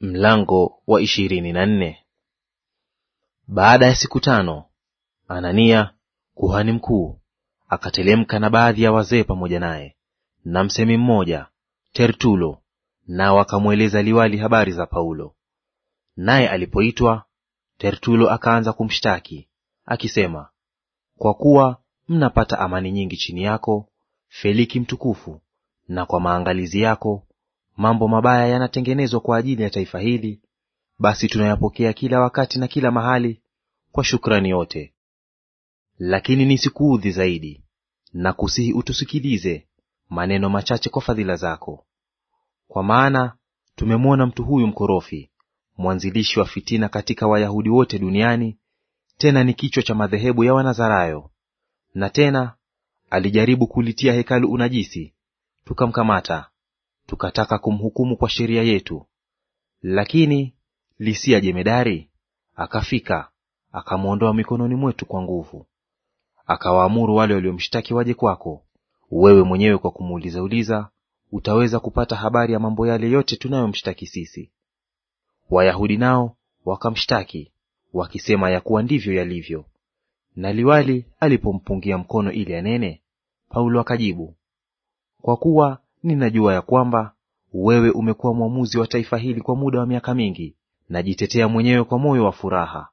Mlango wa ishirini na nne. Baada ya siku tano, Anania kuhani mkuu akatelemka na baadhi ya wazee pamoja naye na msemi mmoja Tertulo, nao akamweleza liwali habari za Paulo. Naye alipoitwa Tertulo akaanza kumshtaki akisema, kwa kuwa mnapata amani nyingi chini yako Feliki mtukufu, na kwa maangalizi yako mambo mabaya yanatengenezwa kwa ajili ya taifa hili, basi tunayapokea kila wakati na kila mahali kwa shukrani yote. Lakini nisikuudhi zaidi, na kusihi utusikilize maneno machache kwa fadhila zako, kwa maana tumemwona mtu huyu mkorofi, mwanzilishi wa fitina katika Wayahudi wote duniani, tena ni kichwa cha madhehebu ya Wanazarayo. Na tena alijaribu kulitia hekalu unajisi, tukamkamata tukataka kumhukumu kwa sheria yetu. Lakini Lisia jemedari akafika akamwondoa mikononi mwetu kwa nguvu. Akawaamuru wale waliomshtaki waje kwako, wewe mwenyewe kwa kumuuliza uliza utaweza kupata habari ya mambo yale yote tunayomshtaki sisi. Wayahudi nao wakamshtaki wakisema ya kuwa ndivyo yalivyo. Na liwali alipompungia mkono ili anene, Paulo akajibu, kwa kuwa ninajua ya kwamba wewe umekuwa mwamuzi wa taifa hili kwa muda wa miaka mingi. Najitetea mwenyewe kwa moyo wa furaha,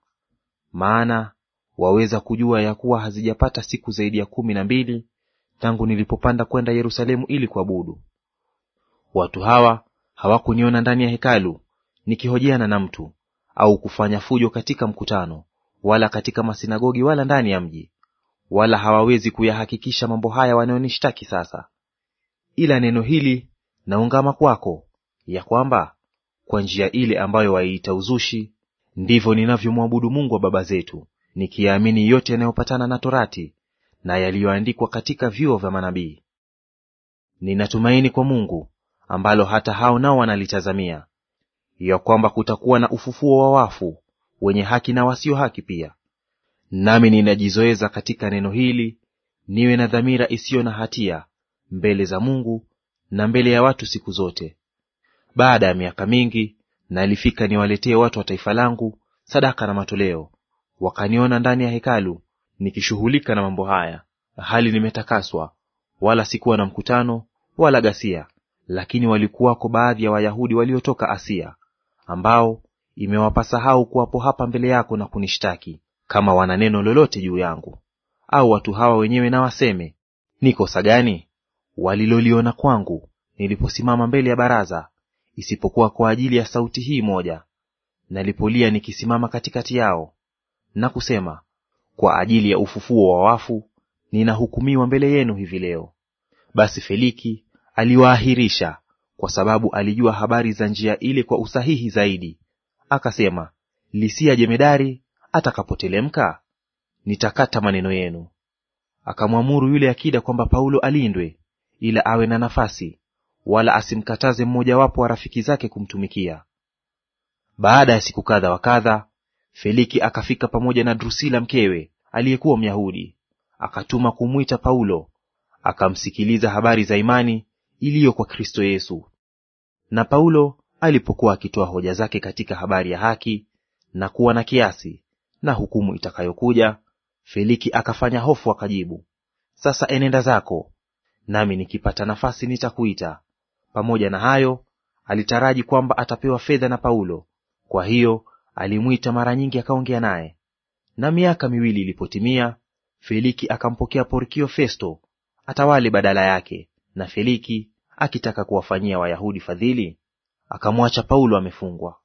maana waweza kujua ya kuwa hazijapata siku zaidi ya kumi na mbili tangu nilipopanda kwenda Yerusalemu ili kuabudu. Watu hawa hawakuniona ndani ya hekalu nikihojiana na mtu au kufanya fujo katika mkutano, wala katika masinagogi, wala ndani ya mji, wala hawawezi kuyahakikisha mambo haya wanayonishtaki sasa ila neno hili naungama kwako, ya kwamba kwa njia ile ambayo waiita uzushi, ndivyo ninavyomwabudu Mungu wa baba zetu, nikiyaamini yote yanayopatana na Torati na yaliyoandikwa katika vyuo vya manabii. Ninatumaini kwa Mungu, ambalo hata hao nao wanalitazamia, ya kwamba kutakuwa na ufufuo wa wafu, wenye haki na wasio haki pia. Nami ninajizoeza katika neno hili niwe na dhamira isiyo na hatia mbele za Mungu na mbele ya watu siku zote. Baada ya miaka mingi nalifika niwaletee watu wa taifa langu sadaka na matoleo, wakaniona ndani ya hekalu nikishughulika na mambo haya, hali nimetakaswa, wala sikuwa na mkutano wala ghasia. Lakini walikuwako baadhi ya Wayahudi waliotoka Asia, ambao imewapasahau kuwapo hapa mbele yako na kunishtaki, kama wana neno lolote juu yangu. Au watu hawa wenyewe na waseme ni kosa gani? waliloliona kwangu niliposimama mbele ya baraza, isipokuwa kwa ajili ya sauti hii moja, nalipolia nikisimama katikati yao na kusema, kwa ajili ya ufufuo wa wafu ninahukumiwa mbele yenu hivi leo. Basi Feliki aliwaahirisha, kwa sababu alijua habari za njia ile kwa usahihi zaidi. Akasema, Lisia jemedari atakapotelemka nitakata maneno yenu. Akamwamuru yule akida kwamba Paulo alindwe, ila awe na nafasi, wala asimkataze mmojawapo wa rafiki zake kumtumikia. Baada ya siku kadha wa kadha, Feliki akafika pamoja na Drusila mkewe aliyekuwa Myahudi, akatuma kumwita Paulo akamsikiliza habari za imani iliyo kwa Kristo Yesu. Na Paulo alipokuwa akitoa hoja zake katika habari ya haki na kuwa na kiasi na hukumu itakayokuja, Feliki akafanya hofu akajibu, sasa enenda zako nami nikipata nafasi nitakuita. Pamoja na hayo, alitaraji kwamba atapewa fedha na Paulo, kwa hiyo alimwita mara nyingi akaongea naye. Na miaka miwili ilipotimia, Feliki akampokea Porkio Festo atawale badala yake, na Feliki akitaka kuwafanyia Wayahudi fadhili, akamwacha Paulo amefungwa.